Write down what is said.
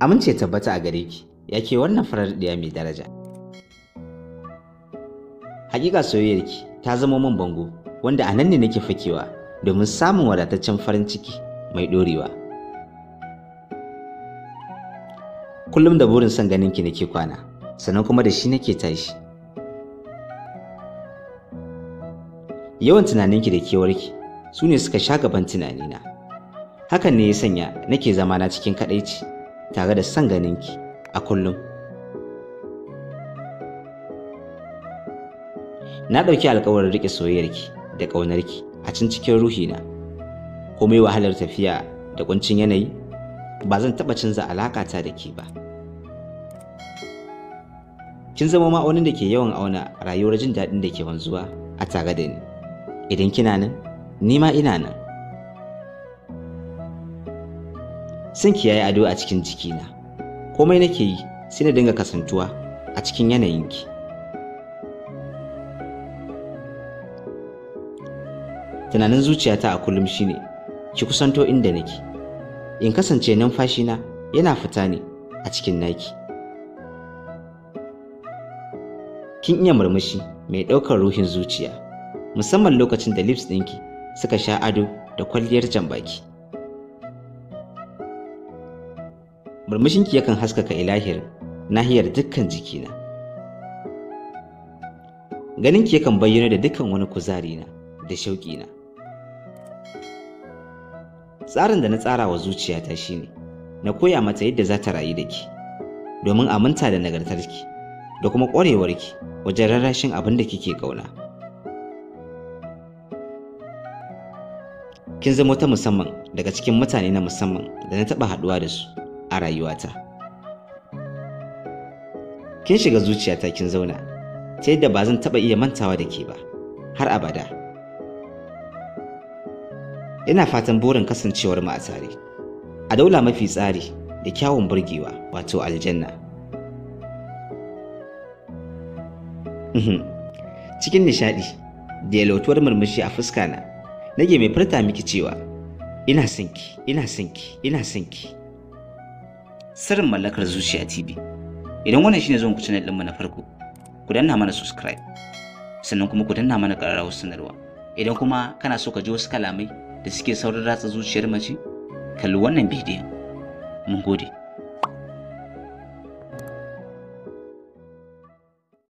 amince tabbata a gare ki yake wannan farar ɗaya mai daraja hakika soyayyarki ta zama min bango wanda a nan ne nake fakewa domin samun wadataccen farin ciki mai ɗorewa kullum da burin son ganin ki nake kwana sannan kuma da shi nake tashi yawan tunaninki da kewarki su ne suka sha gaban tunanina hakan ne ya sanya nake zamana cikin kaɗaici tare da son ganinki a kullum. Na ɗauki alkawarin riƙe soyayyarki da ƙaunarki a cin cikin ruhina, komai wahalar tafiya da ƙuncin yanayi ba zan taɓa canza ta da ke ba. Kin zama ma'aunin da ke yawan auna rayuwar jin daɗin da ke wanzuwa a tare da ni. Idan kina nan, ni ma ina nan. Sun kiyaye ado a cikin jikina. Komai nake yi sai na dinga kasantuwa a cikin yanayinki. Tunanin zuciyata a kullum shine ki kusanto inda nake. In kasance numfashina yana fita ne a cikin naki. Kin iya murmushi mai ɗaukar ruhin zuciya, musamman lokacin da lips ɗinki suka sha ado da kwalliyar jan baki. murmushinki yakan haskaka ilahir nahiyar dukkan jikina ganinki yakan bayyana da dukkan wani na da na. tsarin da na tsara wa zuciyata shine na koya mata yadda za ta rayu da ki domin aminta da nagartarki da kuma ƙwarewarki wajen rarrashin abin da kike ƙauna kin zama ta musamman daga cikin mutane na musamman da na taɓa haɗuwa da su a rayuwata kin shiga zuciyata kin zauna ta yadda ba zan taɓa iya mantawa da ke ba har abada ina fatan burin kasancewar mu a tare a daula mafi tsari da kyawun burgewa wato aljanna mhm. cikin nishaɗi da yalautuwar murmushi a fuska na nage mai furta miki cewa ina sinki ina sinki ina sinki sirrin mallakar zuciya TV. Idan wannan shine zuwan ku channel ɗinmu na farko, ku danna mana subscribe. Sannan kuma ku danna mana ƙararrawar sanarwa. Idan kuma kana so ka ji wasu kalamai da suke saurin ratsa zuciyar mace, kalli wannan bidiyon. Mun gode.